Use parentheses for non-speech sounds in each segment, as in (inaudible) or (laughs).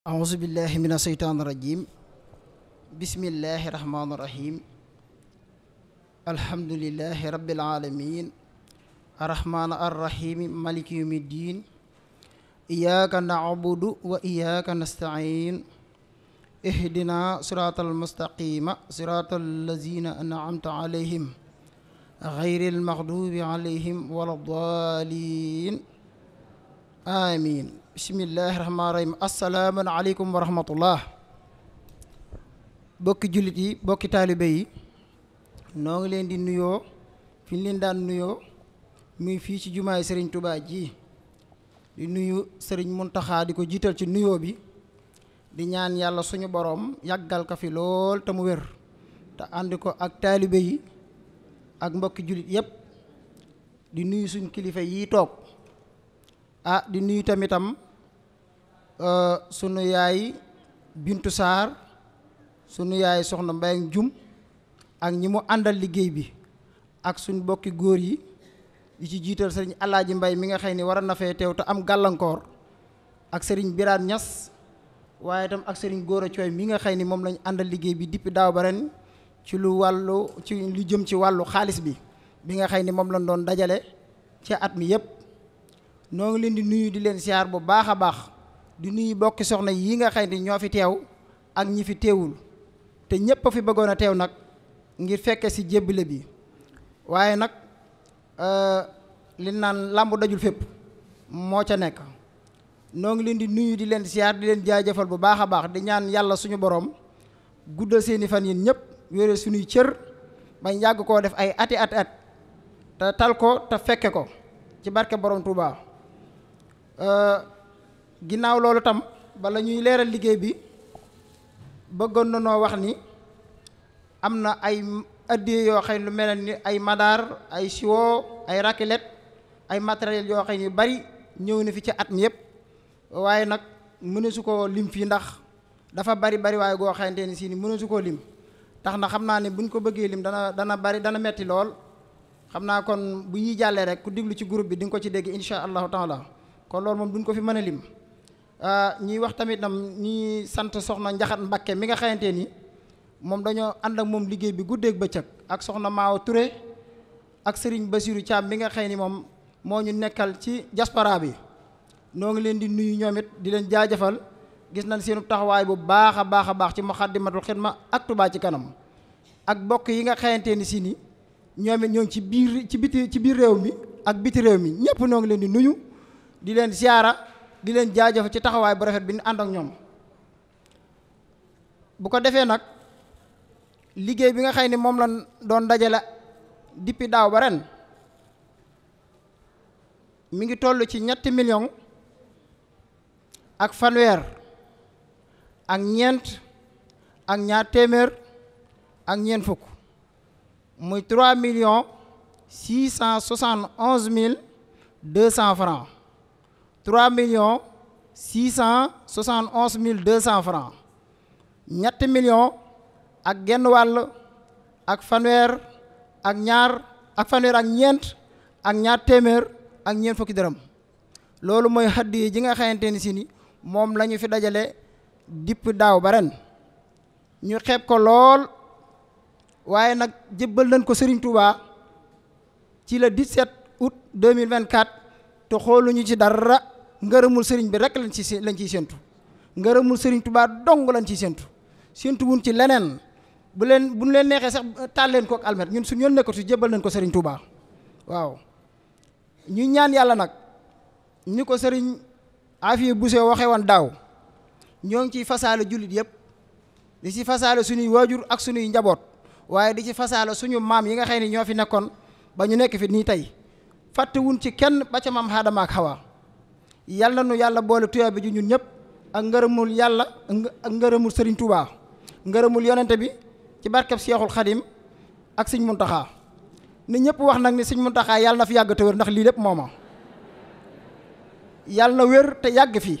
aousubillah min asheytaan irajim bismillahi irahmaan irahim alhamdulilahi rabilalamin arrahmaan arrahimi maliki yawmi ddin iyaaka nacbudu wa iyaaka nastain ihdina sirata almustaqima sirata allazina anamta alayhim gayri almaxdubi alayhim wala dalin amiin bisimillahi rahmaani rahim asalaamaaleykum wa rahmatullah bokki jullit yi bokki taalibe yi noo ngi leen di nuyoo fi ñu leen daan nuyoo muy fii ci jumaay sëriñ tubaa ji di nuyu sëriñ muntaxaa di ko jiital ci nuyoo bi di ñaan yàlla suñu boroom yàggal ko fi lool te mu wér te ànd ko ak taalibe yi ak mbokki jullit yépp di nuyu suñ kilifa yi toog ah di nuyu tamitam euh, sunu yaay Bintu Saar sunu yaay soxna Mbayang Jum ak ñi mu àndal liggéey bi ak suñ bokki góor yi di ci jiital sëriñ ji Mbay mi nga xay ni war na fee teew te am gàllankoor ak sëriñ Biraan Ñas waaye tam ak sëriñ Góora Cooy mi nga xëy ni moom lañu àndal liggéey bi dippi daaw ba ci lu wàllu ci lu jëm ci wàllu xaalis bi bi nga xay ni moom lañ doon dajale ci at mi yépp noo ngi leen di nuyu di leen siyaar bu baax a baax di nuyu bokki soxna yi nga xam ne ñoo fi teew ak ñi fi teewul te ñépp a fi bëggoon a teew nag ngir fekke si jébbale bi waaye nag euh, li naan làmb dajul fépp moo ca nekk noo ngi leen di nuyu di leen siyaar di leen jaajëfal bu baax a baax di ñaan yàlla suñu boroom guddal seeni fan yéen ñëpp wéere suñuy cër bañ yàgg koo def ay ati ati at te tal ko te fekke ko ci barke borom Touba. Euh, ginnaaw loolu tam bala ñuy leeral liggéey bi bëggoon na noo wax ni am na ay addiye yoo xam ne lu mel ni ay madaar ay siwo ay rakilet ay matériel yoo xam ne yu bari ñëw na fi ci at mi yëpp waaye nag mëneesu koo lim fii ndax dafa bari bari waaye goo xamante ni si ni mëneesu koo lim tax na xam naa ne buñ ko bëggee lim dana dana bari dana metti lool xam naa kon bu ñuy jàllee rek ku diglu ci groupe bi di nga ko ci dégg incha allahu taala kon loolu moom duñ ko fi mën a lim ah, ñuy wax tamit nam ñi sant soxna Njaxat Mbakke mi nga xamante ni moom dañoo ànd ak moom liggéey bi guddeeg bëccëg ak soxna Maawa Touré ak Serigne Basiru Thiam bi nga xëy ni moom moo ñu nekkal ci diaspora bi noo ngi leen di nuyu ñoom di leen jaajëfal gis nañ seenu taxawaay bu baax a baax a baax ci Moukhaddamatoul Khidma ak Touba ci kanam ak bokk yi nga xamante ni si ni ñoom it ci biir ci biti ci biir réew mi ak biti réew mi ñëpp noo ngi leen di nuyu di leen siyaara di leen jaajëf ci taxawaay bu rafet bi nu ànd ak ñoom bu ko defee nag liggéey bi nga xay ni moom la doon dajale dippi daaw ba ren mi ngi toll ci ñetti million ak fanweer ak ñeent ak ñaar téeméer ak ñeent fukk muy trois million six cent soixante onze mille deux cent francs million 3 millions 671 mille deux 200 francs ñetti million ak genn wàll ak fanweer ak ñaar ak fanweer ak ñeent ak ñaar téeméer ak ñeent fukki dërëm loolu mooy xadd yi ji nga xamante ni si ni moom la ñu fi dajale dipp daaw ba ñu xeeb ko lool waaye nag jébbal nañ ko Serigne Touba ci le 17 août 2024 te ñu ci dara ngërëmul sëriñ bi rek lañ ci lañ ciy séntu ngërëmul sëriñ Tuubaa dong lañ ciy séntu séntu wuñ ci leneen bu leen bu ñu leen neexee sax taal leen ko ak almet ñun su ñoon nekkatu jébbal nañ ko sëriñ Tuubaa waaw ñu ñaan yàlla nag ñu ko sëriñ Afiya Buse waxee woon daaw ñoo ngi ciy fasaale jullit yëpp di ci fasaale suñuy waajur ak suñuy njaboot waaye di ci fasaale suñu maam yi nga xam ne ñoo fi nekkoon ba ñu nekk fi nii tey fàttewun ci kenn ba ca maam Aadama ak Hawa yàlla nu yàlla boole tuyaa bi ju ñun ñëpp ak ngërëmul yàlla ak ngërëmul sëriñ Touba ngërëmul yonente bi ci barkeb Seexul Xadim ak sëñ Muntaxa ni ñëpp wax nag ni sëñ Muntaxa yàlla na fi yàgg te wér ndax lii lépp mooma yàlla na wér te yàgg fi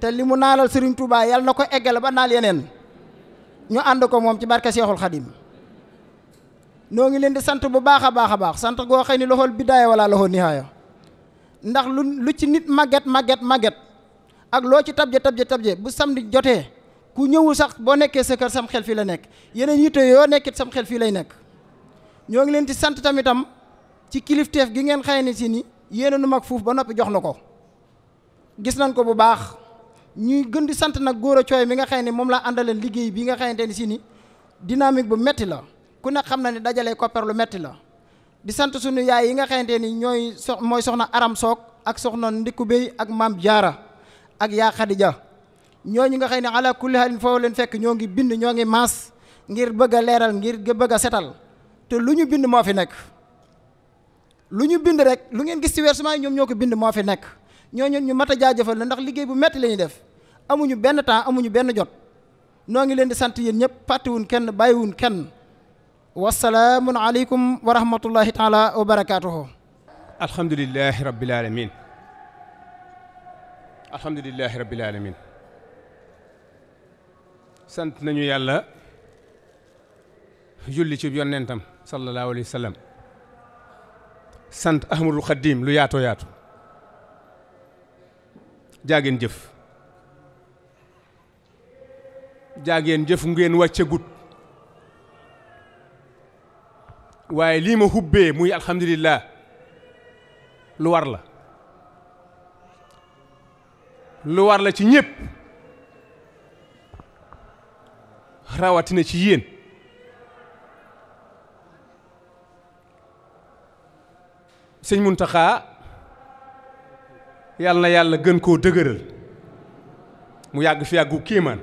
te li mu naalal sëriñ Touba yàlla na ko eggale ba naal yeneen ñu ànd ko moom ci barke Seexul Xadim noo ngi leen di sant bu baax a baax a baax sant goo xëy ni loxool bidaaya wala loxool nihaaya ndax lu lu ci nit màgget màgget màgget ak loo ci tabje tabje tabje bu samedi jotee ku ñëwul sax boo nekkee sa kër sam xel fii la nekk yeneen yitte yoo nekkit sam xel fii lay nekk ñoo ngi leen di sant tamitam ci kilifteef gi ngeen xëy ni si ni yéen nu mag fuuf ba noppi jox na ko gis nañ ko bu baax ñuy gën di sant nag góor a cooy mi nga xëy ne moom laa àndaleen liggéey bi nga xamante ni si ni dynamique metti la ku ne xam na ne dajale koppar lu metti la di sant sunu yaay yi nga xamante ni ñooy so mooy soxna aram soog ak soxna ndikku béy ak maam jaara ak yaa xadija ñooñu nga xam ne ala kulli haalin foo leen fekk ñoo ngi bind ñoo ngi maas ngir bëgg leeral ngir bëgg a setal te lu ñu bind moo fi nekk lu ñu bind rek lu ngeen gis ci ñoom ñoo ko bind moo fi nekk ñooñu ñu mat a jaajëfal la ndax liggéey bu metti lañuy def amuñu benn temps amuñu benn jot noo ngi leen di sant yéen ñëpp fàttewuñ kenn bàyyiwuñ kenn wasalaamun aleykum wa rahmatullahi taala wa barakaatuhu alhamdulilahi rabbil alamin sant nañu yàlla julli ci yonentam sant ahmadul xadim lu yaato yaatu jaageen jëf jaageen jëf ngeen wàcce gut waaye lii ma hubbee muy alhamdulillah lu war la lu war la ci ñépp rawatina ci yéen sëñ Muntaxa yàlla na yàlla gën koo dëgëral mu yàgg fi yàggu kéemaan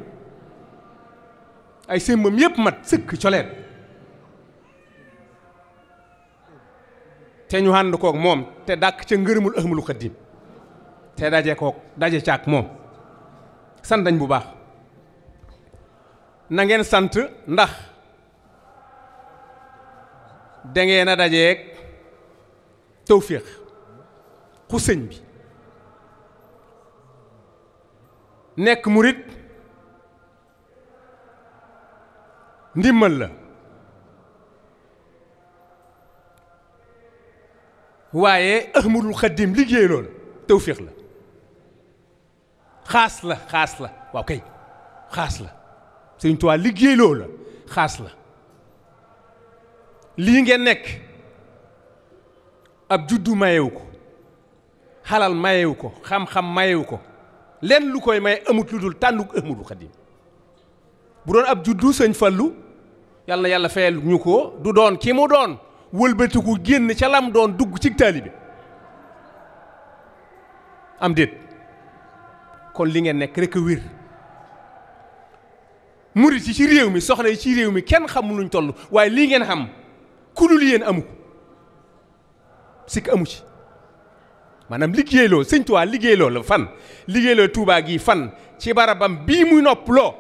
ay sémbam yépp mat sëkk coleet te ñu ànd koog moom te dàkk ca ngërëmul ahmadu xaddim te daje koog daje caak moom sant nañ bu baax na ngeen sant ndax dangeen a dajeeg tawféex ku sëñ bi nekk murit ndimmal la waaye Ahmadul Xaddim liggéey loolu tawféex la xaas la xaas la waaw kay xaas la Sëriñ Tuubaa liggéey loolu la xaas la lii ngeen nekk ab juddu mayewu ko xalal mayewu ko xam-xam mayewu ko lenn lu koy may amut lu dul tànnuk Ahmadul Xaddim bu doon ab juddu sëñ Fallu yàlla yàlla fayal ñu ko du doon ki mu doon wëlbatiku génn ca lam doon dugg ci taalibe am déet kon li ngeen nekk rek a wér murit yi ci réew mi soxla yi ci réew mi kenn xamuluñ luñ waaye lii ngeen xam ku dul yéen amu ko sikk amu ci maanaam liggéey loo sëñ la fan liggéey Tuubaa gi fan ci barabam bii muy nopp loo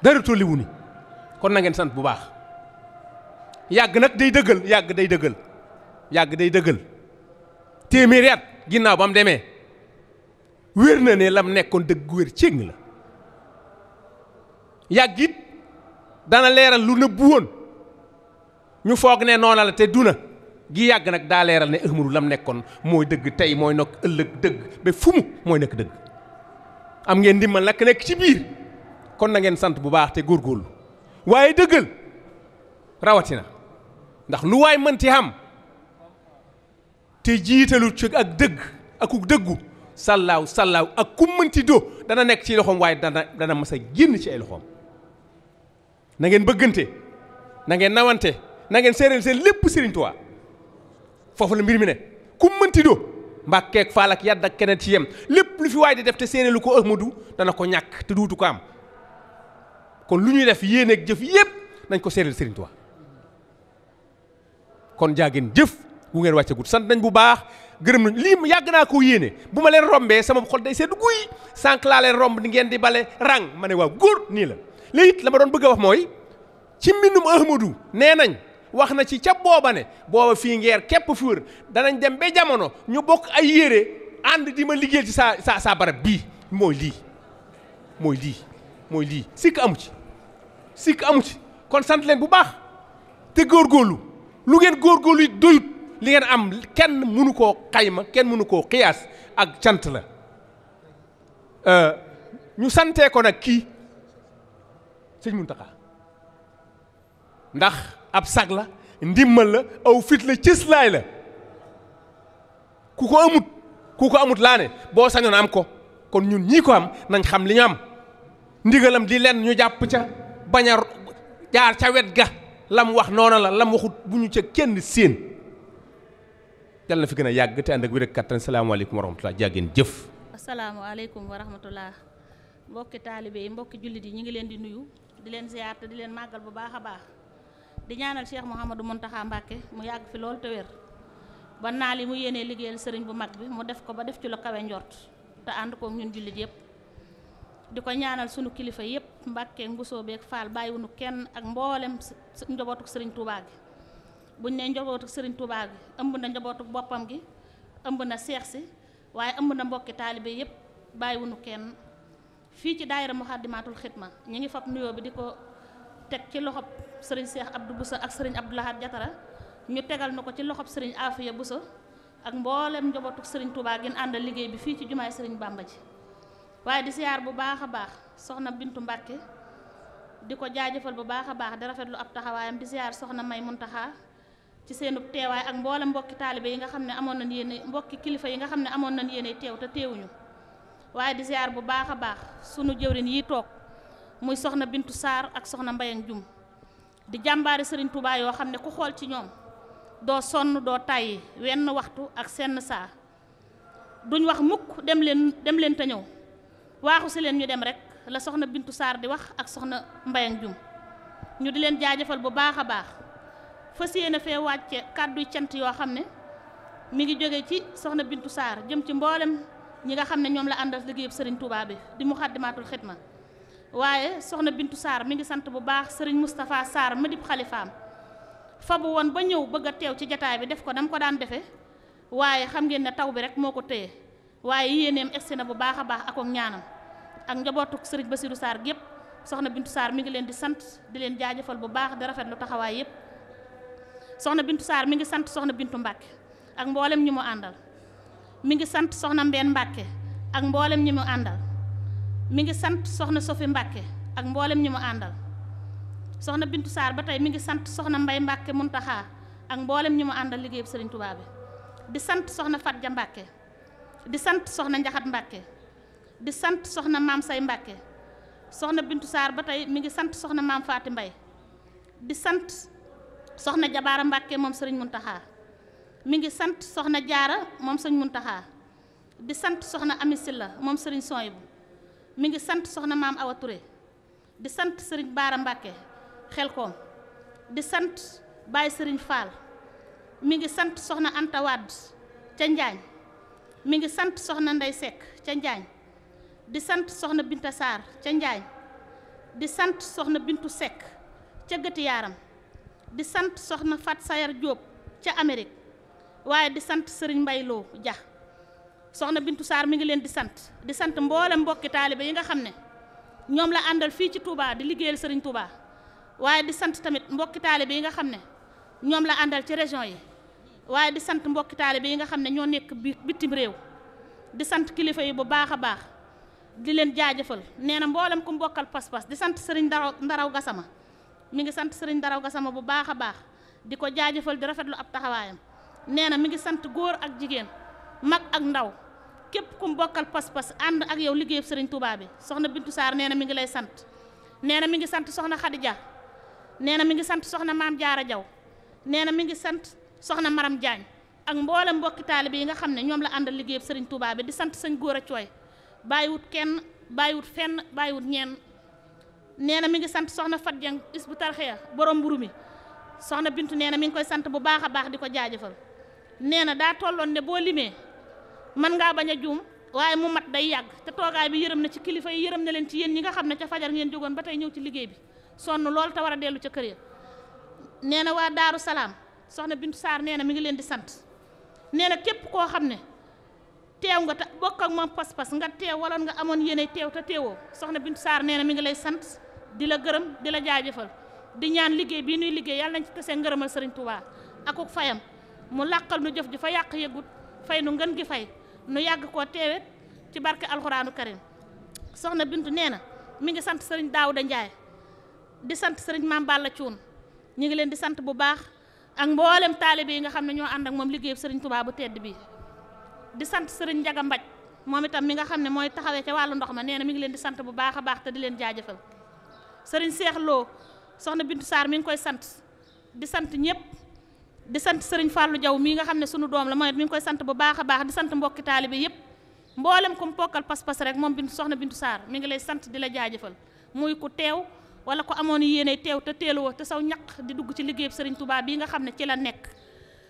dara tolliwu ni kon na ngeen sant bu baax yàgg nag day dëggal yàgg day dëggal yàgg day dëggal téeméeri at ginnaaw ba mu demee wér na ne lam nekkoon dëgg wér céng la yàgg it dana leeral lu nëbbu woon ñu foog ne noona la te duna gi yàgg nag daa leeral ne Ahmadu lam nekkoon mooy dëgg tey mooy nokk ëllëg dëgg ba fu mooy nekk dëgg am ngeen ndimbal nakk nekk ci biir kon na ngeen sant bu baax te góorgóorlu waaye dëggal rawatina ndax lu waay mënti am te jiitalu ci ak dëgg akuk dëggu sallaaw sallaaw ak ku mënti doo dana nekk ci loxoom waaye dana dana mas a génn ci ay loxoom na ngeen bëggante na nawante na ngeen séeréel seen lépp Sëriñ Tuubaa foofu la mbir mi ne ku mënti doo mbàkkeeg faal ak yàdd ak keneen ci yem lépp lu fi waay di def te séeréelu ko Ahmadu dana ko ñàkk te duutu ko am kon lu ñuy def yéene ak jëf yépp nañ ko seereel Serigne Touba kon jaa jëf wu ngeen wàcce gut sant nañ bu baax gërëm nañ lii yàgg naa koo yéene bu ma leen rombee sama xol day sedd guy sànq laa leen romb di ngeen di bale rang ma ne waaw góor nii la léegi la ma doon bëgg a wax mooy ci mbindum Ahmadou nee nañ wax na ci ca booba ne booba fii ngeer kepp fi wër danañ dem ba jamono ñu bokk ay yére ànd di ma liggéeyal ci saa saa saa barab bii mooy lii mooy lii mooy lii sikk amu ci sikk amu ci kon sant leen bu baax te góor góorlu lu ngeen góor góorlu doyut li ngeen am kenn mënu koo xayma kenn mënu koo xiyaas ak cant la euh, ñu santee ko nag kii sëñ Muntaxa ndax ab sag la ndimmal la aw fit la cëslaay la ku ko amut ku ko amut laa ne boo sañoon am ko kon ñun ñii ko am nañ xam li ñu am ndigalam di lenn ñu jàpp ca bañ a jaar ca wet ga lam wax noona la lam waxut bu ñu ca kenn séen yàlla na fi gën a yàgg te ànd ak wér ak kattan salaamaaleykum wa rahmatulah jàggeen jëf. asalaamaaleykum wa rahmatulah mbokki taalibe yi mbokki jullit yi ñu ngi leen di nuyu di leen ziyaar te di leen màggal bu baax a baax di ñaanal Cheikh Mouhamadou Mountakha Mbacké mu yàgg fi lool te ba naa li mu yéenee liggéeyal sëriñ bu mag bi mu def ko ba def ci lu kawe njort te ànd koog ñun jullit yëpp. di ko ñaanal sunu kilifa yépp Mbàkke Mbusoo beeg Faal bàyyiwunu kenn ak mboolem njobootuk sëriñ Tuubaa gi buñ ne njobootuk sëriñ Tuubaa gi ëmb boppam gi ëmb na seex si waaye ëmb na mbokki taalibe yépp bàyyiwunu kenn fii ci daayira Muxaddamatul Xidma ñi ngi fab nuyoo bi di ko teg ci loxob sëriñ Seex Abdu Buso ak sëriñ Abdu Lahad Jatara ñu tegal na ko ci loxob sëriñ Afiya Buso ak mboolem njobootuk sëriñ Tuubaa gi àndal liggéey bi fii ci jumaay sëriñ Bàmba ji waaye di bu baax a baax soxna Bintu Mbàkke di ko jaajëfal bu baax a baax di rafetlu ab taxawaayam di siyaar soxna May Muntaxa ci seenub teewaay ak mboole mbokki taalibe yi nga xam ne amoon nañ yéene mbokki kilifa yi nga xam ne amoon nañ yéene teew te teewuñu waaye di bu baax a baax sunu jëwrin yi toog muy soxna Bintu Saar ak soxna Mbayang Jum di jàmbaare Serigne Touba yoo xam ne ku xool ci ñoom doo sonn doo tàyyi wenn waxtu ak senn saa duñ wax mukk dem leen dem leen te ñëw. waaxu si leen ñu dem rek la soxna Bintu saar di wax ak soxna Mbayang Jum ñu di leen jaajëfal bu baax a baax fas yéene fee wàcce kàdduy cant yoo xam ne mi ngi jóge ci soxna Bintu saar jëm ci mboolem ñi nga xam ne ñoom la àndal liggéeyub Serigne Touba bi di Muxaddamatul Xidma waaye soxna Bintu saar mi ngi sant bu baax Serigne Moustapha saar mi dib xalifaam fabu woon ba ñëw bëgg a teew ci jataay bi def ko dam ko daan defee waaye xam ngeen ne taw bi rek moo ko téye waaye yéeneem egsi na bu baax a baax ak ñaanam ak njabootuk sëriñ Bassirou Sarr gépp soxna Bintu Sarr mi ngi leen di sant di leen jaajëfal bu baax di rafetlu taxawaay yëpp soxna Bintu mi ngi sant soxna Bintu Mbàkke ak mboolem ñi mu àndal mi ngi sant soxna Mbeen Mbàkke ak mboolem ñi mu àndal mi ngi sant soxna Sofi Mbàkke ak mboolem ñi mu àndal soxna Bintu saar ba tey mi ngi sant soxna Mbay Mbàkke Muntaxa ak mboolem ñi mu àndal liggéeyub Sëriñ Tuubaa di sant soxna Fatja Mbàkke di sant soxna Njaxat Mbàkke di sant soxna maam say Mbàkke soxna Bintu Saar ba tey mi ngi sant soxna maam Faati Mbay di sant soxna Jabaara Mbàkke moom sëriñ Muntaxaa mi ngi sant soxna Jaara moom sëriñ Muntaxaa di sant soxna amisila moom sëriñ Sooyibu mi ngi sant soxna maam Awa Ture di sant sëriñ Baara Mbàkke xel koom di sant Baay sëriñ Faal mi ngi sant soxna Anta Wadd ca Njaañ mi ngi sant soxna Ndey sekk ca Njaañ di sant soxna Binta Sarr ca Njaañ di sant soxna Bintu Seck ca Gëti Yaaram di sant soxna Fat Sayar Diop ca Amérique waaye di sant sëriñ mbayloo Loo Ja soxna Bintu Sarr mi ngi leen di sant di sant mboole mbokki taalibe yi nga xam ne ñoom la àndal fii ci Touba di liggéeyal Serigne Touba waaye di sant tamit mbokki taalibe yi nga xam ne ñoom la àndal ci région yi waaye di sant mbokki taalibe yi nga xam ne ñoo nekk bitim réew di sant kilifa yi bu baax a baax di leen jaajëfal nee na mboolem ku mbokkal pas-pas di sant sëriñ daraw ndaraw gasama mi ngi sant sëriñ ndaraw gasama bu baax a baax di ko jaajëfal di rafetlu ab taxawaayam nee na mi ngi sant góor ak jigéen mag ak ndaw képp ku mbokkal pas-pas ànd ak yow liggéeyub sëriñ Touba bi soxna Bintu Sarr nee na mi ngi lay sant nee na mi ngi sant soxna Khadija nee na mi ngi sant soxna maam Jaara Jaw nee na mi ngi sant soxna Maram Diagne ak mboolem mbokki taalibe yi nga xam ne ñoom la àndal liggéeyub sëriñ Touba bi di sant sëñ Gora Thioye bàyyiwut kenn bàyyiwut fenn bàyyiwut ñeen nee na mi ngi sant soxna Fat Dieng is bu tarxeya borom mburu mi soxna Bintu nee na mi ngi koy sant bu baax a baax di ko jaajëfal nee na daa tolloon ne boo limee man ngaa bañ a juum waaye mu mat day yàgg te toogaay bi yërëm na ci kilifa yi yërëm na leen ci yéen ñi nga xam ne ca fajar ngeen jógoon ba tey ñëw ci liggéey bi sonn loolu te war a dellu ca kër nee na waa Daaru Salaam soxna Bintu Sarr nee na mi ngi leen di sant nee na képp koo xam ne teew nga te bokk ak moom pas-pas nga teew wala nga amoon yéene teew te teewoo soxna Bintu saar nee na mi ngi lay sant di la gërëm di la jaajëfal di ñaan liggéey bii nuy liggéey yàlla nañ ci tasee ngërëmal sëriñ Touba akuk fayam mu làqal nu jëf ji fa yàq yëgut fay nu ngën gi fay nu yàgg koo teewet ci barke alxuraanu karim soxna bindu nee na mi ngi sant sëriñ Daouda Ndiaye di sant sëriñ Mame Balla Thioune ñu ngi leen di sant bu baax ak mboolem taalibe yi nga xam ne ñoo ànd ak moom liggéey sëriñ Touba bu tedd bi di sant sëriñ Njaga Mbaj moom itam mi nga xam ne mooy taxawee ca wàllu ndox ma nee na mi ngi leen di sant bu baax a baax te leen jaajëfal sëriñ Cheikh Lo soxna Bintu Sarr mi ngi koy sant di sant ñëpp di sant sëriñ Fallou Diaw mii nga xam ne sunu doom la mooy mi ngi koy sant bu baax a baax di sant mbokki taalibe yëpp mboolem ku mu pokkal pas-pas rek moom Bintu soxna bind Sarr mi ngi lay sant di la jaajëfal muy ku teew wala ko amoon yéene teew te teeluwoo te saw ñaq di dugg ci liggéeyub sëriñ Touba yi nga xam ne ci la nekk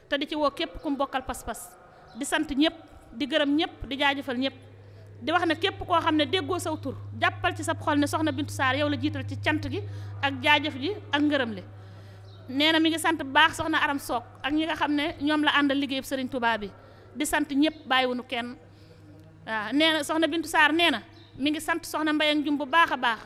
te di ci woo képp kum bokkal pas-pas di sant ñëpp di gërëm ñëpp di jaajëfal ñëpp di wax ne képp koo xam ne déggoo saw tur jàppal ci sab xol ne soxna Bintu Sarr yow la jiital ci cant gi ak jaajëf ji ak ngërëm le nee na mi ngi sant bu baax soxna Aram Sock ak ñi nga xam ne ñoom la àndal liggéeyub sëriñ Touba bi di sant ñëpp bàyyiwunu kenn waaw nee na soxna Bintu Sarr nee na mi ngi sant soxna Mbayang Jum bu baax a baax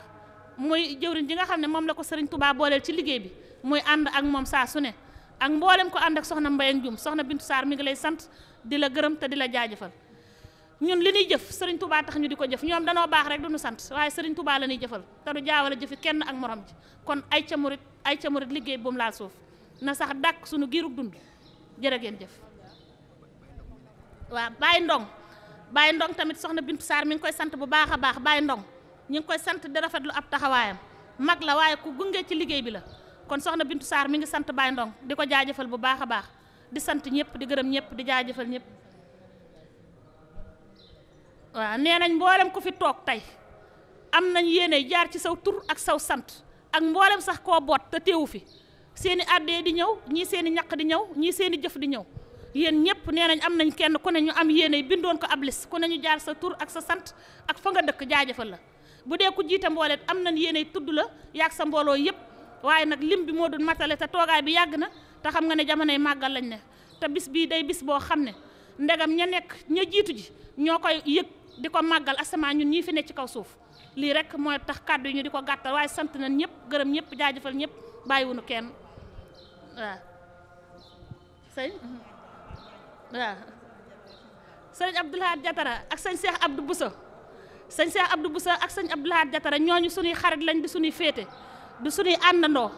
muy jëwriñ ji nga xam ne moom la ko sëriñ Touba booleel ci liggéey bi muy ànd ak moom saa su ne ak mboolem ko ànd ak soxna Mbayang Dioum soxna Bintu Sarr mi ngi lay sant di la gërëm te di la jaajëfal ñun li ñuy jëf sëriñ Touba tax ñu di ko jëf ñoom danoo baax rek du ñu sant waaye sëriñ Touba la ñuy jëfal te du jaawale jëfi kenn ak morom ji kon ay ca ay ca liggéey bu mu laal na sax dàkk suñu giirug dund jërë ngeen jëf waaw Baye Ndong Baye Ndong tamit soxna Bintu saar mi ngi koy sant bu baax a baax Baye Ndong ñu ngi koy sant di rafetlu ab taxawaayam mag la waaye ku gunge ci liggéey bi la kon soxna Bintu saar mi ngi sant Baye Ndong di ko jaajafal bu baax a baax di sant ñëpp di gërëm ñëpp di jaajëfal ñëpp waaw nee nañ mboolem ku fi toog tey am nañ yéene jaar ci saw tur ak saw sant ak mboolem sax koo te teewu fi seeni addee di ñëw ñii seeni ñaq di ñëw ñii seeni jëf di ñëw yéen ñëpp nee nañ am nañ kenn ku ne ñu am yéene bindoon ko ab lis jaar sa tur ak sa sant ak fa dëkk jaajëfal la bu dee ku jiite mboole am nañ yéene tudd la yaag sa mbooloo yëpp waaye nag lim bi moo doon matale te toogaay bi yàgg na te xam nga ne jamonoy màggal lañ ne te bis bii day bis boo xam ne ndegam ña nekk ña jiitu ji ñoo koy yëg di ko màggal asamaan ñun ñii fi nekk ci kaw suuf lii rek mooy tax kàddu yi ñu di ko gàttal waaye sant nañ ñëpp gërëm ñëpp jaajëfal ñëpp bàyyiwunu kenn waaw sëñ waaw sëñ Abdoulaye Diatara ak sëñ Cheikh Abdou Bousso sëñ Cheikh Abdou Boussa ak sëñ Abdou Lahad ñoo ñooñu suñuy xarit lañ di suñuy féete du suñuy àndandoo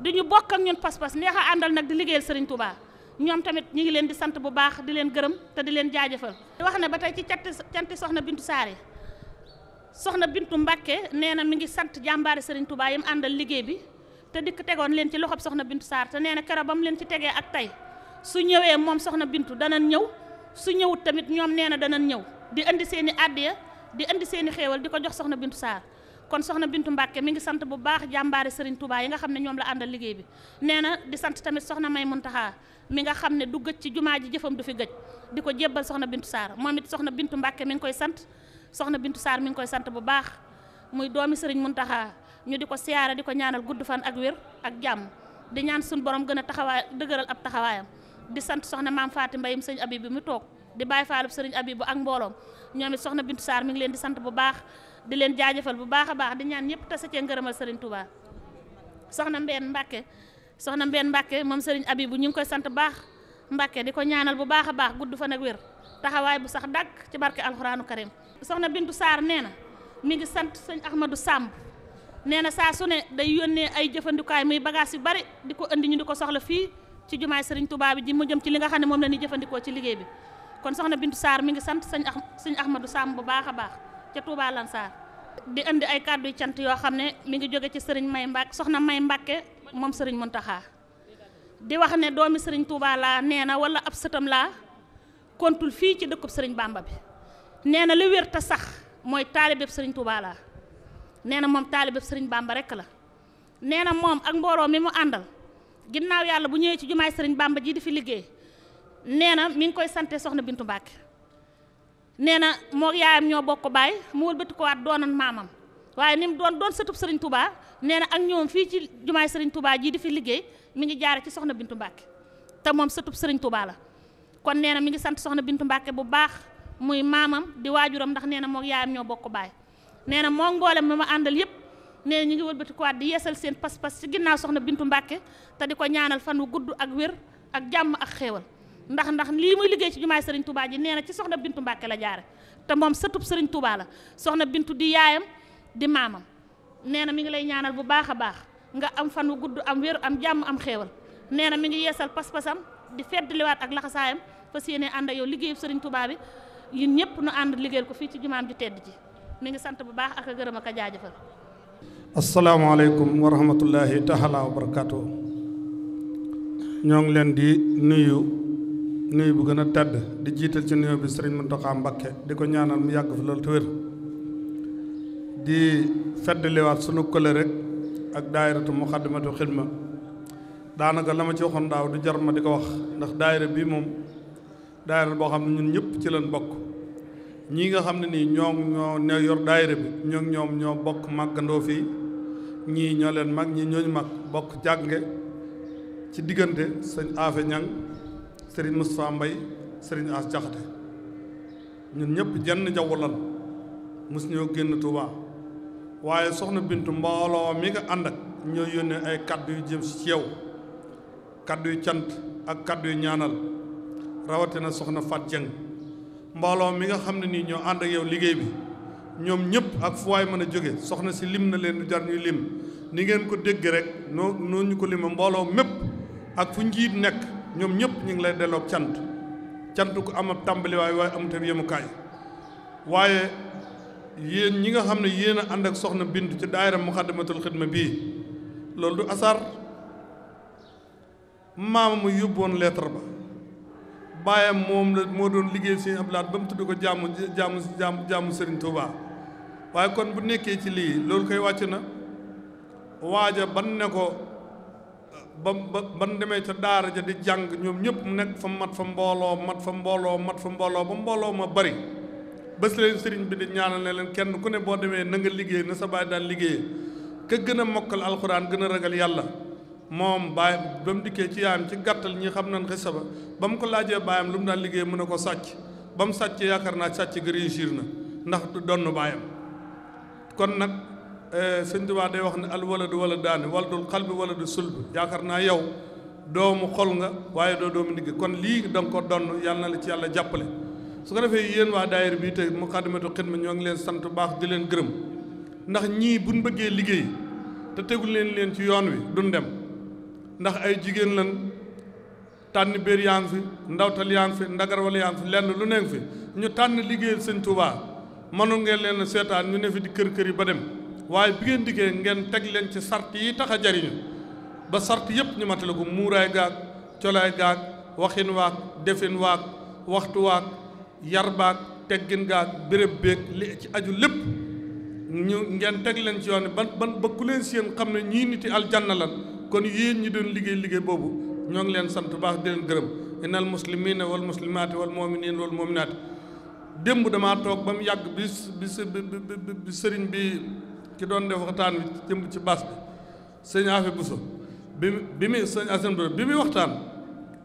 di ñu bokk ak ñun pas-pas neex a àndal nag di liggéeyal sëriñ Touba ñoom tamit ñu ngi leen di sant bu baax di leen gërëm te di leen jaajëfal. di ne ba tey ci canti canti soxna Bintu Saare soxna Bintu Mbacke nee na mi ngi sant jàmbaari sëriñ Touba yam àndal liggéey bi te dikk tegoon leen ci loxob soxna Bintu Saar te nee na keroog ba mu leen ci tegee ak tey su ñëwee moom soxna Bintu danañ ñëw su ñëwut tamit ñoom nee na danañ ñëw di indi seeni i àddiya di indi seen i di ko jox soxna Bintu Sarr kon soxna Bintu Mbàkke mi ngi sant bu baax jàmbaari Serigne Touba yi nga xam ne ñoom la àndal liggéey bi nee na di sant tamit soxna May Muntaxa mi nga xam ne du ci jumaa ji jëfam du fi di ko jébbal soxna Bintu Sarr moom it soxna Bintu Mbàkke mi ngi koy sant soxna Bintu Sarr mi ngi koy sant bu baax muy doomi Serigne taxaa ñu di ko siyaara di ko ñaanal gudd fan ak wér ak jàmm di ñaan suñu borom gën a taxawaay dëgëral ab taxawaayam di sant soxna maam Faati Mbayum sëñ Abi bi mu toog di bàyyi faalub sëriñ Abibu ak mbooloom ñoom it soxna Bintu saar mi ngi leen di sant bu baax di leen jaajëfal bu baax a baax di ñaan ñëpp tase cee ngërëmal sëriñ Touba soxna Mbène Mbacke soxna Mbène Mbacke moom sëriñ Abibu ñu ngi koy sant baax Mbacke di ko ñaanal bu baax a baax gudd fan ak wér taxawaay bu sax dàkk ci barke alxuraanu karim soxna Bintu saar nee na mi ngi sant sëñ Ahmadou Samb nee na saa su ne day yónnee ay jëfandikaay muy bagage yu bari di ko indi ñu di ko soxla fii ci jumaay sëriñ Touba bi ji mu jëm li nga xam ne moom la ñuy jëfandikoo ci liggéey bi kon soxna Bintu Sarr mi ngi sant sëñ ax sëñ Ahmadou Samb bu baax a baax ca Touba Lansar di indi ay kàddu cant yoo xam ne mi ngi jóge ci sëriñ May Mbàkke soxna May Mbàkke moom sëriñ Muntaxa di wax ne doomi sëriñ Touba laa nee na wala ab sëtam laa kontul fii ci dëkkub sëriñ bàmba bi nee na li wér sax mooy taalibeb sëriñ Touba laa nee na moom taalibeb sëriñ bàmba rek la nee na moom ak mbooloo mi mu àndal ginnaaw yàlla bu ñëwee ci jumaay sëriñ Bamba ji di fi liggéey nee na mi ngi koy sante soxna Bintu Mbàkke nee na moo yaayam ñoo bokk baay mu wëlbati ko waat doonoon maamam waaye ni mu doon doon sëtub sëriñ Touba nee na ak ñoom fii ci jumaay sëriñ Touba jii di fi liggéey mi ngi jaare ci soxna Bintu Mbàkke te moom sëtub sëriñ Touba la kon nee mi ngi sant soxna Bintu Mbàkke bu baax muy maamam di waajuram ndax nee na moo yaayam ñoo bokk baay nee na moo mboolem mi ma àndal yëpp nee ñu ngi wëlbati ko waat di yeesal seen pas-pas ci ginnaaw soxna Bintu Mbàkke te di ko ñaanal fan wu gudd ak wér ak jàmm ak xéewal ndax ndax lii muy liggéey ci jumaay sëriñ Touba ji nee na ci soxna Bintu Mbàkke la jaare te moom sëtub sëriñ Touba la soxna Bintu di yaayam di maamam nee na mi ngi lay ñaanal bu baax a baax nga am fan wu gudd am wér am jàmm am xéewal nee na mi ngi yeesal pas-pasam di feddliwaat ak laxasaayam fas yéene ànd ak yow liggéeyub sëriñ Touba bi yéen ñëpp nu ànd liggéeyal ko fii ci jumaam ju tedd ci mi ngi sant bu baax ak a gërëm ak a jaajëfal. asalaamaaleykum wa rahmatullahi taala wa barakaatu. ngi leen di nuyu. nuyu bu gën a tedd di jiital ci nuyu bi sëriñ Mountakha Mbacké di ko ñaanal mu yàgg fi loolu te wér di feddliwaat sunu kële rek ak mu daayiratu Muxaddamatul Xidma daanaka la ma ci waxoon daaw du jar ma di ko wax ndax daayira bi moom daayira boo xam ne ñun ñëpp ci lañ bokk ñii nga xam ne nii ñoo ñoo yor daayira bi ñoo ñoom ñoo bokk màggandoo fii ñii ñoo leen mag ñii ñooñu mag bokk jànge ci diggante sëñ Afe Ñang sëriñ Moustapha mbay sëriñ As Jaxate ñun ñëpp jenn jawwalal mos ñoo génn Touba waaye soxna Bintu mbooloo mi nga ànd ak ñoo yónnee ay kaddu yu jëm ci yow kàddu yu cant ak kaddu yu ñaanal rawatina soxna Fat Dieng mbooloo mi nga xam ne nii ñoo ànd ak yow liggéey bi ñoom ñëpp ak fu waay mën a jóge soxna si lim na leen du jar ñuy lim ni ngeen ko dégg rek noo noo ko lima mbooloo mépp ak fu njiit nekk. ñoom ñëpp ñu ngi lay delloog cant cant ku am ab tàmbaliwaay waaye amutab yemukaay waaye yéen ñi nga xam ne yéen a ànd ak soxna Bintu ci daayira Muxaddamatul Xidma bii loolu du asar maama mu yóbboon lettre ba bàyyam moom la moo doon liggéey si Abdu Lahat ba mu tudd ko jaamu jaamu jaamu jaamu Tuubaa waaye kon bu nekkee ci lii loolu koy wàcc na waaja ba ne ko ba ba ban demee ca daara ja di jàng ñoom ñëpp mu nekk fa mat fa mbooloo mat fa mbooloo mat fa mbooloo ba mbooloo ma bari bés leen sëriñ bi di ñaanal ne leen kenn ku ne boo demee na nga liggéey na sa baay daan liggéeyee ka gën a mokkal alxuraan gën a ragal yàlla moom baay ba mu dikkee ci yaayam ci gàttal ñi xam nañ xisa ba ba mu ko laajee baayam lu mu daan liggéey mu ne ko sàcc ba mu sàcc yaakaar naa sàcc gi na ndax donn baayam kon nag Eh, sëñ Tuubaa day wax ne al waladu wala daani waladul xalbi waladu sulbi yaakaar naa yow doomu xol nga waaye doo doomu ndigg kon lii da nga ko donn yàlla na la ci yàlla jàppale su ko defee yéen waa daayira bi tey Muqaddamatul Xidma ñoo ngi leen sant baax di leen gërëm ndax ñii buñ bëggee liggéey te tegul leen leen ci yoon wi duñ dem ndax ay jigéen lan tànn béer yaa fi ndawtal yaa ngi fi ndagarwal yaa ngi fi lenn lu ne ngi fi ñu tànn liggéeyal sëñ Tuubaa mënu ngeen leen seetaan ne fi kër kër yi ba waaye bu ngeen diggee ngeen teg leen ci sart yi tax a jariñu ba sart yëpp ñu matale ko muuraay gaag colaay gaag waxin waag defin waag waxtu waag yar baag teggin gaag béréb beeg li ci aju lépp ñu ngeen teg leen ci yoon ban ban ba ku leen seen xam ne ñii niti aljanna lan kon yéen ñi doon liggéey liggéey boobu ñoo ngi leen sant baax di leen gërëm innal muslimina wal muslimaati wal muminina wal muminaati démb damaa toog ba mu yàgg bi bi bi sëriñ bi ki doon def waxtaan wi ci baas bi sëñ Afe Bousso bi bi muy sëñ Assane Bousso bi muy waxtaan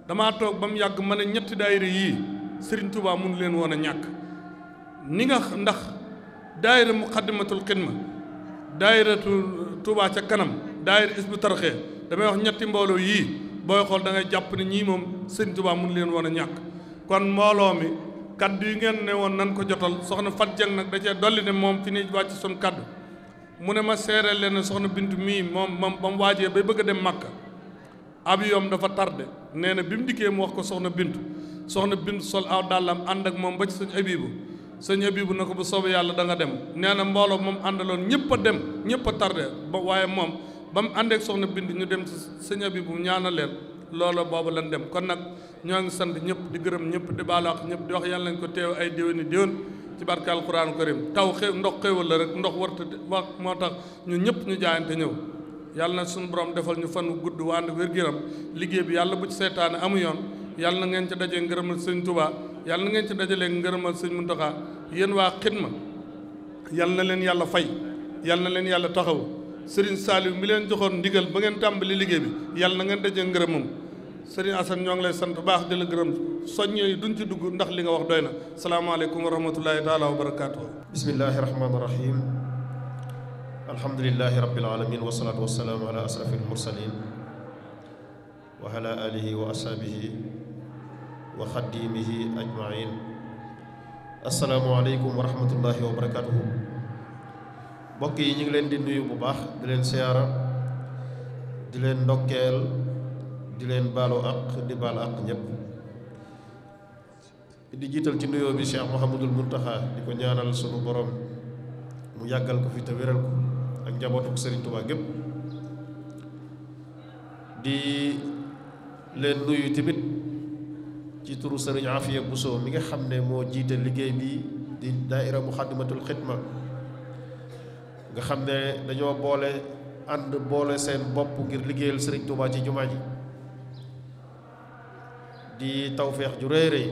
damaa toog ba mu yàgg ma ne ñetti daayira yii sëriñ Touba mun leen woon a ñàkk ni nga ndax daayira muqaddimatul xidma daayira Touba ca kanam daayira bu tarxee damay wax ñetti mbooloo yii booy xool dangay jàpp ne ñii moom sëriñ Touba mun leen woon a ñàkk kon mbooloo mi kaddu yi ngeen ne woon nan ko jotal soxna Fat Dieng nag da cee dolli ne moom fi ni wàcc sun kaddu mu ne ma seereel leen soxna Bintu mii moom moom ba mu waajee bay bëgg a dem Makka avion dafa tarde nee na bi mu dikkee mu wax ko soxna Bintu soxna bind sol aw dàllam ànd ak moom ba ci sëñ Abibu sëñ Abibu na ko ba soobee yàlla da nga dem nee na mbooloo moom àndaloon ñëpp a dem ñëpp a tardé waaye moom ba mu àndee soxna bind ñu dem ci sëñ Abibu ñaana leen looloo boobu lañ dem kon nag ñoo ngi sant ñëpp di gërëm ñëpp di baalu àq ñëpp di wax yàlla nañ ko teew ay déwéni déwén. ci barke alquran karim taw xew ndox xéewal la rek ndox warta wax moo tax ñu ñëpp ñu jaayante ñëw yàlla na suñu borom defal ñu fan gudd wànd wér gu liggéey bi yàlla bu ci seytaane amu yoon yàlla na ngeen ci dajee ngërëmal sëñ Tuubaa yàlla na ngeen ci dajalee ngërëmal sëñ Muntaxaa yéen waa xidma yàlla na leen yàlla fay yàlla na leen yàlla taxaw Sëriñ Saaliw mi leen joxoon ndigal ba ngeen tàmbali liggéey bi yàlla na ngeen dajee ngërëmam sëriñ Assane ñoo ngi lay sant bu baax di la gërëm soññe yi duñ ci dugg ndax li nga wax doy na salaamaaleykum wa rahmatullahi taala wa barakaatu. bismillahi rahmaani rahim alhamdulillahi rabbil alamin wa salaatu wa salaamu ala wa ala wa barakaatu. mbokk yi ñu ngi leen di nuyu bu baax di leen siyaara di leen ndokkeel. di leen baalu àq di baal àq ñëpp di jiital ci nuyoo bi Cheikh Mouhamadul Mountakha di ko ñaanal sunu borom mu yàggal ko fi te wéral ko ak njabootu Serigne Touba gépp di leen nuyu tamit ci turu Serigne Afia Bousso mi nga xam ne moo jiite liggéey bi di mu Muxaddamatul Xidma nga xam ne dañoo boole ànd boole seen bopp ngir liggéeyal Serigne Touba ci jumaa ji di tawféex ju rëy rëy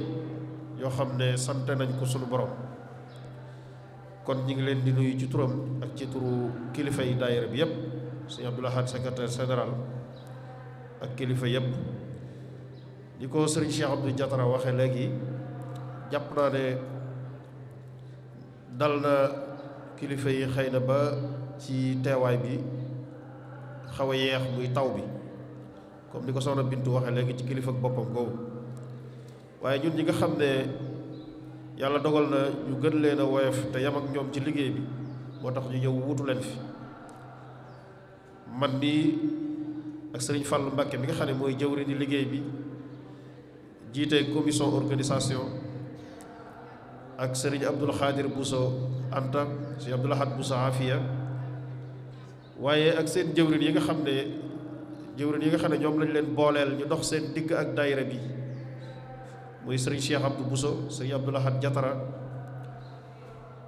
yoo xam ne sant nañ ko sunu borom kon ñu ngi leen di nuyu ci turam ak ci turu kilifa yi daayira bi yëpp sëñ Abdou Lahad secrétaire général ak kilifa yëpp di ko sëriñ Cheikh Abdou Diatara waxe léegi jàpp naa ne dal na kilifa yi xëy na ba ci teewaay bi xawa a yeex muy taw bi comme ni ko soxna Bintu waxe léegi ci kilifa ak boppam googu waaye ñun ñi nga xam ne yàlla dogal na ñu gën leen a woyof te yam ak ñoom ci liggéey bi moo tax ñu ñëw wutu leen fi man mii ak sëriñ Fallou Mbacke bi nga xam ne mooy jëwri ni liggéey bi jiite commission organisation ak sëriñ Abdoul bu Bousso Anta sëriñ Abdoul Ahad Bousso Afia waaye ak seen jëwrin yi nga xam ne jëwrin yi nga xam ne ñoom lañ leen booleel ñu dox seen digg ak daayira bi muy sëriñ Cheikh Abdou Bousso sëriñ Abdou Lahad Jatara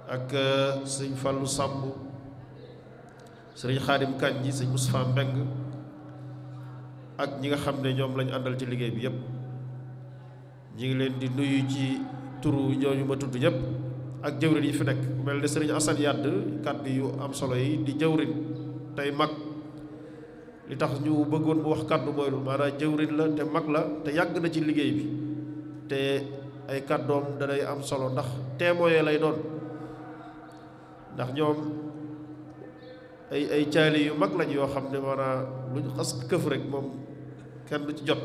ak euh, sëriñ Fallou Samb sëriñ Xaadim Kanji sëriñ Moustapha Mbeng ak ñi nga xam ne ñoom lañu àndal ci liggéey bi yépp ñi ngi leen di nuyu ci turu ñooñu ma tudd ñépp ak jëwrin yi fi nekk mel ni sëriñ Assane Yàdd kàddu yu am solo yi di jëwrin tey mag li tax ñu bëggoon mu wax kàddu mooy lu maanaam jëwrin la te mag la te yàgg na ci liggéey bi te ay kàddoom danay am solo ndax témoin lay doon ndax ñoom ay ay caali yu mag lañ yoo xam ne maanaam lu ñu xas këf rek moom kenn du ci jot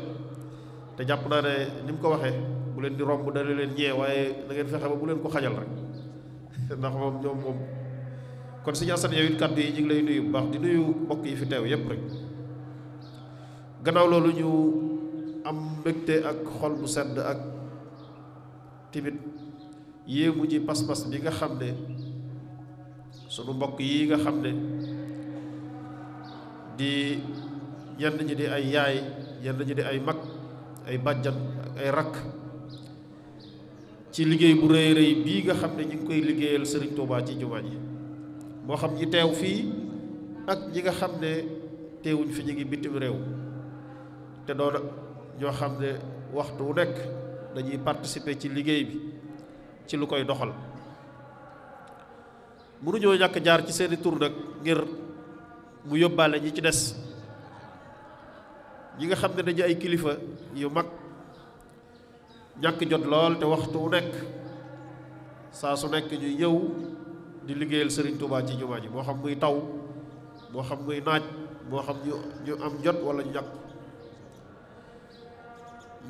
te jàpp naa ne ni mu ko waxee bu leen di romb dana leen ñee waaye na fexe ba bu leen ko xajal rek (laughs) ndax moom ñoom moom kon si ñaasan yow it kàddu yi ñu lay nuyu bu baax di nuyu mbokk yi fi teew yépp rek gannaaw loolu ñu am mbégte ak xol bu sedd ak tamit yéemu ci pas-pas bi nga xam ne sunu mbokk yi nga xam ne di yenn ñi di ay yaay yenn ñi di ay mag ay bàjjan ay rakk ci liggéey bu rëy rëy bii nga xam ne ñu ngi koy liggéeyal Serigne Touba ci jumaa ji moo xam ñi teew fii ak ñi nga xam ne teewuñ fi ñu ngi bitim réew te doon ñoo xam ne waxtu wu nekk dañuy participer ci liggéey bi ci lu koy doxal mënuñoo ñàkk jaar ci seeni tur nag ngir mu yóbbaale ñi ci des ñi nga xam ne dañu ay kilifa yu mag ñàkk jot lool te waxtu wu nekk saa su nekk ñu ñëw di liggéeyal sëriñ Touba ci jumaa ji moo xam muy taw moo xam muy naaj moo xam ñu am jot wala ñu ñàkk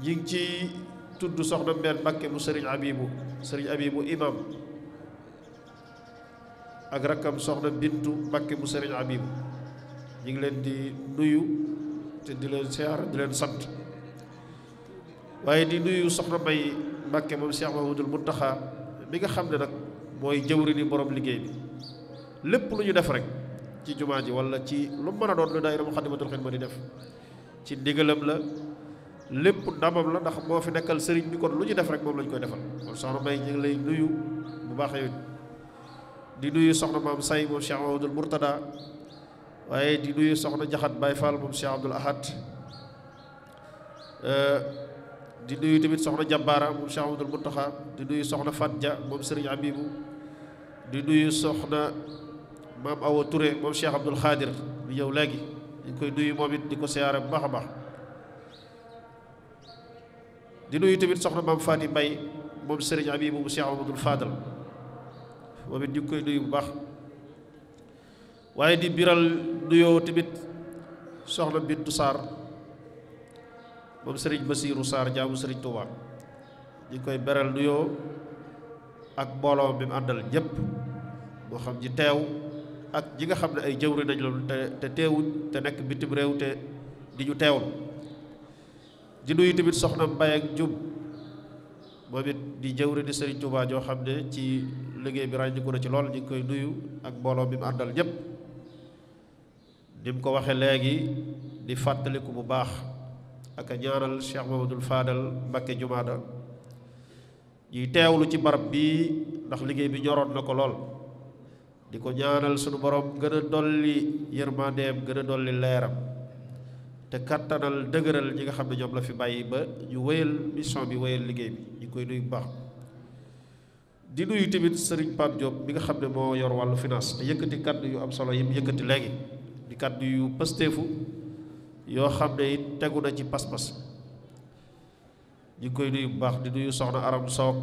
ñi ci tudd soxna Mbeen Mbàkke mu sëriñ Abibu sëriñ Abibu imam ak rakkam soxna Bintu Mbàkke mu sëriñ Abibu ñu ngi leen di nuyu te di leen siyaar di leen sant waaye di nuyu soxna May Mbàkke moom Cheikh Mahmadul Muntaxa mi nga xam ne nag mooy jëwri ni borom liggéey bi lépp lu ñu def rek ci jumaa ji wala ci lu mën a doon lu daayira Muxaddamatul Xidma di def ci ndigalam la lépp ndamam la ndax boo fi nekkal sëriñ bi ko lu ñu def rek moom la ñu koy defal kon soxna May ñu lay nuyu bu baax yow di nuyu soxna maam say moom Cheikh Abdoul Mourtada waaye di nuyu soxna Jaxat Baye Fall moom Cheikh Abdoul Ahad euh, di nuyu tamit soxna Jàmbaara moom Cheikh Abdoul Mountakha di nuyu soxna Fat Dia moom Serigne Abibou di nuyu soxna maam Awa Touré moom Cheikh Abdoul léegi ñu koy nuyu moom it di ko siyaare bu baax a baax. di nuyu tamit soxna maam Faati Mbay moom sëriñ Abibu bu Cheikh Amadul Fadal moom it ñu ngi koy nuyu bu baax waaye di biral nuyoo tamit soxna Bintu Saar moom sëriñ Basiiru Saar jaamu sëriñ Tuuba ñu ngi koy beral nuyoo ak mbooloo bi mu àndal ñépp moo xam ji teew ak ji nga xam ne ay jëwri nañ loolu te te teewuñ te nekk bitim réew te di ñu teewul di nuyu tamit soxna Mbaye ak Jub moom it di jëwri di Serigne Touba joo xam ne ci liggéey bi ràññiku na ci lool ñu ngi koy nuyu ak mbooloo bi mu àndal ñëpp ni mu ko waxee léegi di fàttaliku bu baax ak a ñaanal Cheikh Mamadou faadal Mbacké Jumaada yi teewlu ci barab bi ndax liggéey bi ñoroon na ko lool di ko ñaanal sunu borom gën a dolli yërmandeem gën a dolli leeram te kattanal dëgëral ñi nga xam ne ñoom la fi bàyyi ba ñu wéyal mission bi wéyal liggéey bi ñu koy nuyu bu baax di nuyu tamit sëriñ Pape Diop mi nga xam ne moo yor wàllu finance te yëkkati kàddu yu am solo yi yëkkati léegi di kàddu yu pësteefu yoo xam ne it tegu na ci pas-pas ñu ngi koy nuyu bu baax di nuyu soxna Aram Soog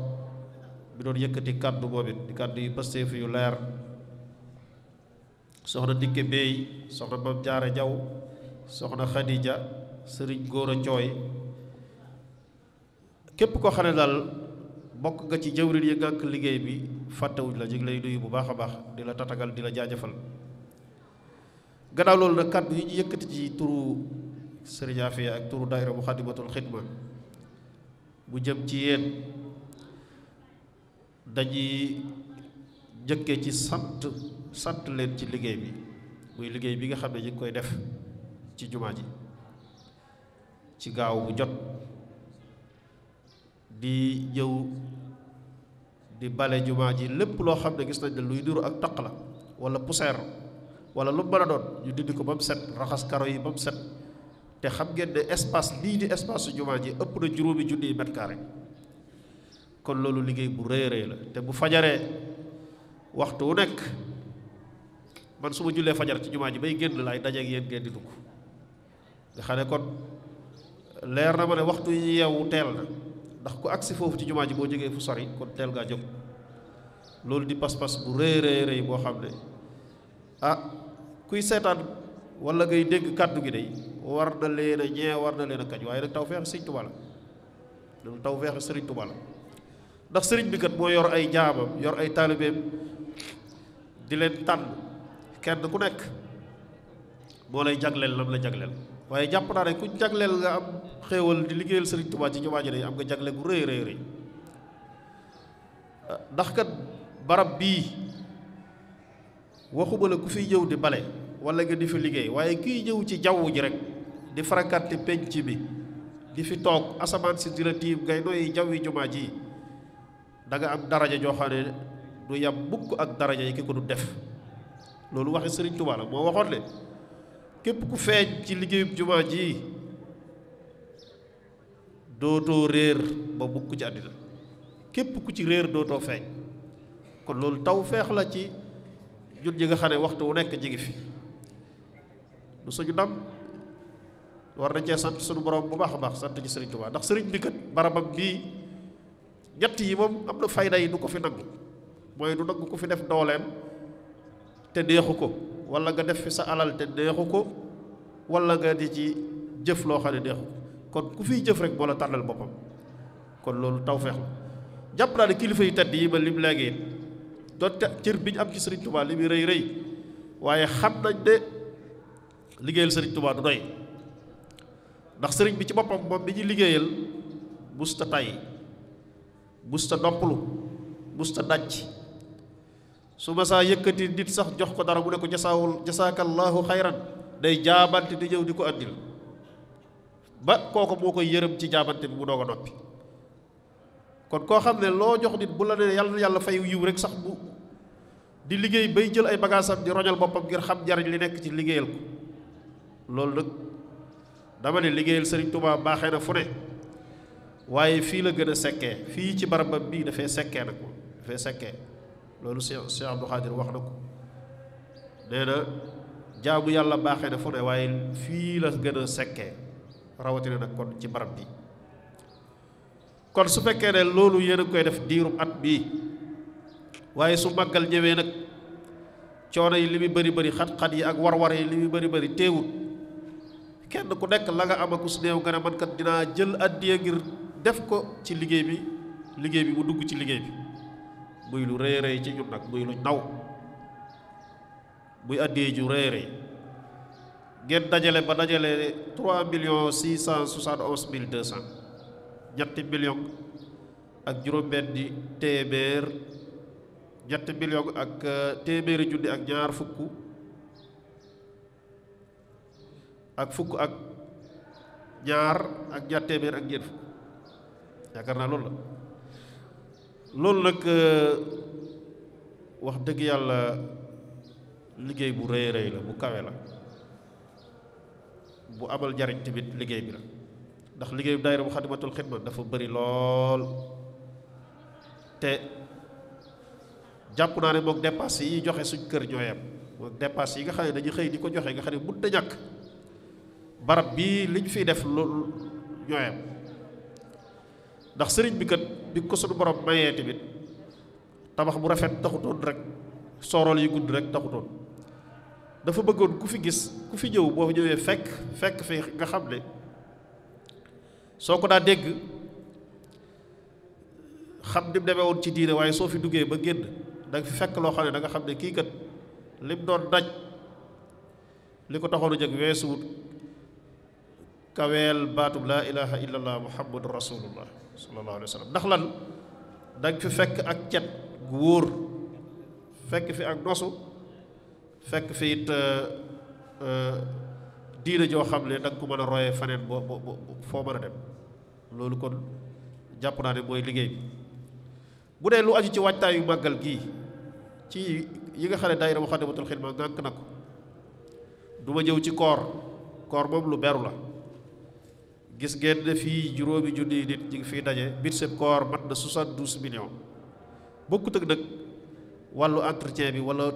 bi doon yëkkati kàddu moom it di kàddu yu pësteefu yu leer soxna Dikke Bey soxna Mame Diarra Diaw soxna Khadija sëriñ góor a cooy képp koo xam ne daal bokk nga ci jëwrin yi gàkk liggéey bi fàttewuñ la ñu lay nuyu bu baax a baax di la tatagal di la jaajëfal gannaaw loolu nag kàddu yi ñu yëkkati ci turu sëriñ Afia ak turu daayira Muxaddamatul Xidma bu jëm ci yéen dañuy jëkke ci sant sant leen ci liggéey bi muy liggéey bi nga xam ne ñu koy def ci jumaa ji ci gaaw bu jot di ñëw di bale jumaa ji lépp loo xam ne gis nañ ne luy duru ak toq la wala poussière wala lu mën a doon ñu dindi ko ba mu set raxas karo yi ba mu set te xam ngeen ne espace lii di espace su jumaa ji ëpp na juróomi junniy mètre carré kon loolu liggéey bu rëy rëy la te bu fajaree waxtu wu nekk man su ma jullee fajar ci jumaa ji bay génn laay dajeeg yéen ngeen di dugg nga xam ne kon leer na ma ne waxtu yi yeewu teel na ndax ku agsi foofu ci jumaa ji boo jógee fu sori kon teel ngaa jóg loolu di pas-pas bu rëy rëy boo xam ne ah kuy seetaan wala ngay dégg kàddu gi day war na leen a war na leen a kañ waaye nag taw feex sëriñ Tuubaa la taw feex sëriñ ndax sëriñ bi kat moo yor ay jaamam yor ay taalibeem di leen tànn kenn ku nekk moo lay jagleel lam la jagleel waaye jàpp naa ne ku jagleel nga am xéewal di liggéeyal sëriñ Tuubaa ci jumaa ji day am nga jagle gu rëy rëy ndax kat barab bii waxuma la ku fiy jëw di bale wala nga di fi liggéey waaye kiy jëw ci jaww ji rek di farakante penc bi di fi toog asamaan si di la tiim ngay noy jawwi jumaa ji danga am daraja joo xam ne du yam mukk ak daraja yi ki ko du def loolu waxi sëriñ Tuubaa la moo waxoon ne képp ku feeñ ci liggéeyub jumaa ji dootoo réer ba mukk ci àddina képp ku ci réer dootoo feeñ kon loolu taw feex la ci jur ji nga xam ne waxtu wu nekk ji ngi fi lu suñu ndam war nañ cee sant suñu borom bu baax a baax sant ci sëriñ Tuubaa ndax sëriñ bi kat barabam bii ñett yi moom am na fayda yi du ko fi nangu mooy du nangu ko fi def dooleem te neexu ko wala nga def fi sa alal te deexu ko walla nga di ci jëf loo xam ne deexu ko kon ku fiy jëf rek boo la tànnal boppam kon loolu tawfeex la jàpp naa ne kilifa yu tedd yi ba lim léegi doonte cër bi ñu am ci Sëriñ Tuubaa li muy rëy rëy waaye xam nañ de liggéeyal Sëriñ Tuubaa du doy ndax sëriñ bi ci boppam moom bi ñu liggéeyal busta tay busta bus ta dàcc su ma saa yëkkati nit sax jox ko dara bu ne ko jasaawul jasaakallaahu xayran day jaabante di ñëw di ko àddil ba kooku moo koy yërëm ci jaabante bi mu doog a noppi kon koo xam ne loo jox nit bu la ne yàlla yàlla fay yiw rek sax bu di liggéey bay jël ay bagaasam di roñal boppam ngir xam njariñ li nekk ci liggéeyal ko loolu nag dama ne liggéeyal Sëriñ Tuubaa baaxe na fu ne waaye fii la gën a sekkee fii ci barabam bii dafay sekkee nag dafay sekkee loolu Cheikh Cheikh Abdou Khadir wax na ko nee na jaamu yàlla baaxe na fu ne waaye fii la gën a sekkee rawatina nag kon ci barab bi kon su fekkee ne loolu yéen a koy def diirum at bi waaye su màggal ñëwee nag coono yi li muy bari bari xat-xat yi ak war-war yi li muy bari bari teewut kenn ku nekk la nga am ak su néew nga ne man kat dinaa jël addiya ngir def ko ci liggéey bi liggéey bi mu dugg ci liggéey bi muy lu rëy rëy ci ñun nag muy lu naw muy addiyee ju rëy rëy ngeen dajale ba dajale trois millions six cent soixante onze mille deux ñetti million ak juróom-benni téeméer ñetti million ak euh, téeméeri junni ak ñaar fukk ak fukk ak ñaar ak ñaar téeméer ak ñeent fukk yaakaar naa loolu la loolu nag euh, wax dëgg yàlla liggéey bu rëy rëy la bu kawee la bu abal jariñ tamit liggéey bi la ndax liggéey bi daayira bu xadimatul xidma dafa bari lool te jàpp naa ne mook dépasse yi joxe suñ kër ñooyam mook dépasse yi nga xam ne dañu xëy di ko joxe nga xam ne mën na ñàkk barab bii liñ fiy def loolu ñooyam ndax sëriñ bi kat bi ko suñu borom mayee tamit tabax bu rafet taxutoon rekk soorool yu gudd rek taxutoon dafa bëggoon ku fi gis ku fi jëw boo jëwee fekk fekk fi nga xam ne soo ko daa dégg xam ni mu ci diine waaye soo fi duggee ba génn da fi fekk loo xam ne danga nga xam ne kii kat lim doon daj li ko taxoon a jóg weesuwut kaweel baatub laa ilaha illallah muhammadu rasulullah sallallahu alayhi wa ndax lan dañ fi fekk ak cet gu wóor fekk fi ak dosu fekk fi it euh, euh, diina joo xam ne da ku ko mën a royee faneen boo boo foo mën a dem loolu kon jàpp naa ne mooy liggéey bi bu dee lu aju ci waajtaayu màggal gii ci yi nga xam ne daayira Muxaddamatul Xidma ngànk na ko du ma jëw ci koor koor moom lu beru la gis ngeen ne fii juróomi junniy nit ñu ngi fiy daje budget koor mat na 72 millions bokkut ak nag wàllu entretien bi wala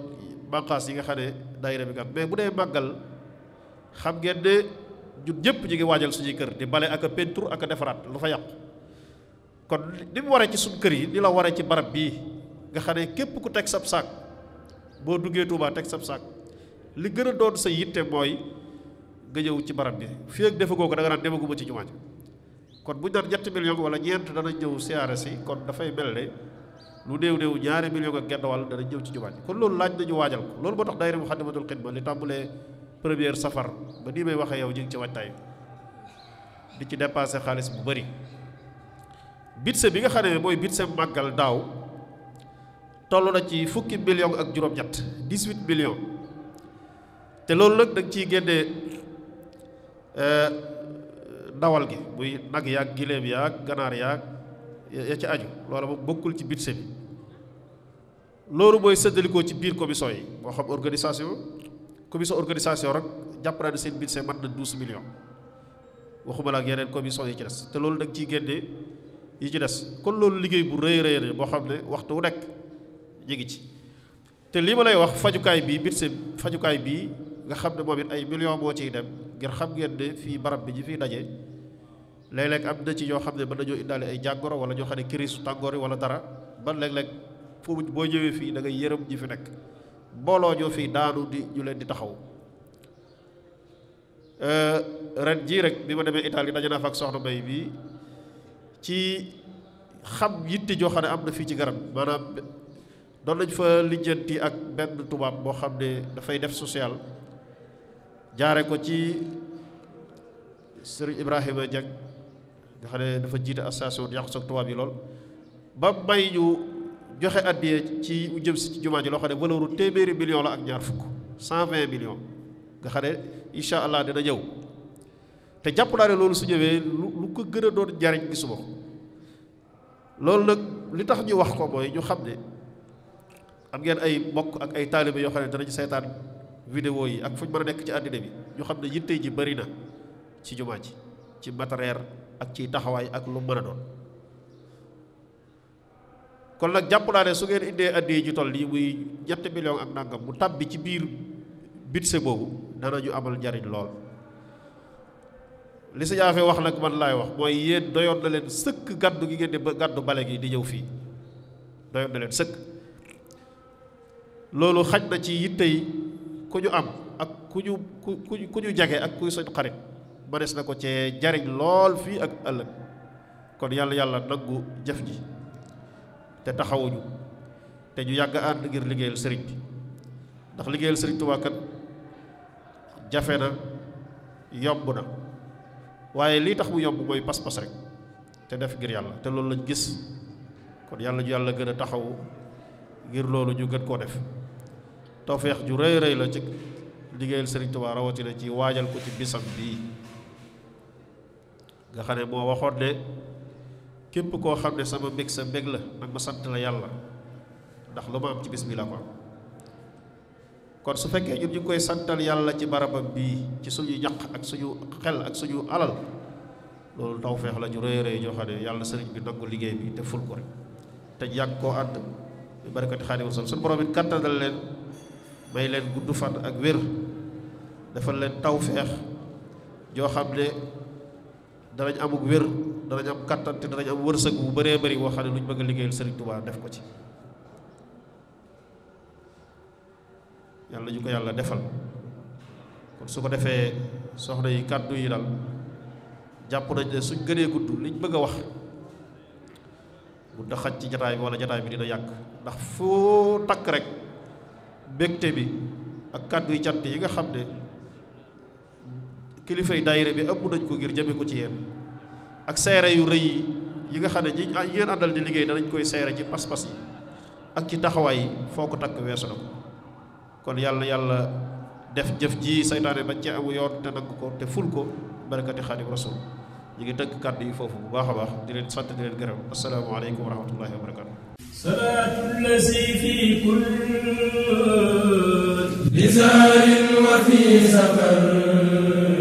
bànqaas yi nga xam ne daayira bi kat mais bu dee màggal xam ngeen ne ñun ñëpp ñu ngi waajal suñuy kër di bale ak a peinture ak defaraat lu fa yàqu kon ni mu waree ci suñ kër yi ni la waree ci barab bii nga xam ne képp ku teg sab saak boo duggee Tuubaa teg sab saak li gën a doon sa yitte mooy nga ñëw ci barab bi fii ak defagoo ko da nga naan demaguma ci jumaa ji kon bu ñu doon ñetti million wala ñeent dana ñëw siyaare si kon dafay mel ne lu néew néew ñaari million ak genn wàll dana jëw ci jumaa ji kon loolu laaj nañu waajal ko loolu moo tax daayira Muxaddamatul Xidma li tàmbalee première safar ba nii may waxee yow ñu ngi ci waajtaay di ci dépensé xaalis bu bëri bitse bi nga xam ne mooy bitse màggal daaw toll na ci fukki million ak juróom-ñett 18 millions te loolu nag da nga ciy ndawal eh, gi buy nag yaag giléem yaag ganaar yaag ya ci aju loola moom bokkul ci budget bi loolu mooy séddalikoo ci biir commission yi boo xam organisation commission organisation rek jàpp naa ne seen budget mat na douze millions waxuma la ak yeneen commission yi ci des te loolu nag ciy génne yi ci des kon loolu liggéey bu rëy rëy rëy boo xam ne waxtu wu nekk ñu ngi ci te li ma lay wax fajukaay bii budget fajukaay bii nga xam ne moom it ay million moo ciy dem ngir xam ngeen ne fii barab bi ji fii daje léeg-léeg am na ci yoo xam ne ba nañoo indaale ay jàngoro wala ñoo xam ne kirisu tàngoor yi wala dara ban léeg-léeg foofu boo ñëwee fii da yërëm ñi fi nekk mbooloo ñoo fii daanu di ñu leen di taxaw euh, ren jii rek bi ma demee Italie daje naa ak soxna Mbay bi ci xam yitte joo xam am na fii ci garab maanaam doon nañ fa lijjanti ak benn tubaab boo xam ne dafay def social jaare ko ci sëriñ Ibrahima Diak nga xam ne dafa jiite association di yàqu soog yi lool ba may ñu joxe addiye ci jëm si ci jumaa ji loo xam ne valeur téeméeri million la ak ñaar fukk cent vingt million nga xam ne incha allah dina ñëw te jàpp naa ne loolu su ñëwee lu ko gën a doon jariñ gisuma ko loolu nag li tax ñu wax ko mooy ñu xam ne am ngeen ay mbokk ak ay taalibe yoo xam ne danañu seetaan vidéo yi ak fu ñu mën a nekk ci àddina bi ñu xam ne yitte ji bari na ci jumaa ji ci matériel ak ci taxawaay ak lu mën a doon kon nag jàpp naa ne su ngeen indee addiya ji toll nii muy ñetti million ak nangam mu tàbbi ci biir bitse boobu dana ñu amal njariñ lool li si ñaafee wax nag mën laay wax mooy yéen doyoon na leen sëkk gàddu gi ngeen di gàddu bale gi di ñëw fii doyoon na leen sëkk loolu xaj na ci yitte yi ku ñu am ak ku ñu ku ku ñu jege ak kuy soñ xarit ba des na ko cee jariñ lool fii ak ëllëg kon yàlla yàlla nangu jëf ji te taxawuñu te ñu yàgg ànd ngir liggéeyal sëriñ bi ndax liggéeyal sëriñ Tuubaa kat jafe na yomb na waaye lii tax mu yomb mooy pas-pas rek te def ngir yàlla te loolu lañ gis kon yàlla ñu yàlla gën a taxawu ngir loolu ñu gën koo def tawfeex ju rëy rëy la ci liggéeyal Sëriñ Tuubaa rawatina ci waajal ko ci bisam bii nga xam ne moo waxoon ne képp koo xam ne sama mbég sa mbég la nag ma sant la yàlla ndax lu ma am ci bis bi la ko kon su fekkee ñun ñu koy santal yàlla ci barabam bii ci suñu ñaq ak suñu xel ak suñu alal loolu tawfeex la ju rëy rëy joo xam ne yàlla sëriñ bi nangu liggéey bi te ful ko rek te yàgg koo ànd bi barakati Xaadimu suñu borom it kattanal leen may leen gudd fan ak wér defal leen tawfeex joo xam ne danañ amuk wér danañ am kàttan te danañ am wërsëg bu bëree bëri boo xam ne lu ñu bëgg a liggéeyal Sëriñ Tuubaa def ko ci yàlla ñu ko yàlla defal kon su ko defee soxna yi kàddu yi dal jàpp nañ ne suñ gënee gudd liñ bëgg a wax bu da xaj ci jataay bi wala jataay bi dina yàgg ndax foo takk rek bégte bi ak kàddu yi cant yi nga xam ne kilifay daayira bi ëpp nañ ko ngir jëme ko ci yéen ak seere yu rëy yi nga xam ne ñi yéen àndal di liggéey danañ koy seere ci pas-pas yi ak ci taxawaay yi foo ko takk weesu na ko kon yàlla yàlla def jëf ji saytaane bañ ci amu yoon te nangu ko te ful ko barakati xaadim rasul ñu ngi tënk kàddu yi foofu bu baax a baax di leen sant di leen gërëm asalaamaaleykum wa rahmatullahi wa barakatu صلاة الذي في كل بزار وفي سفر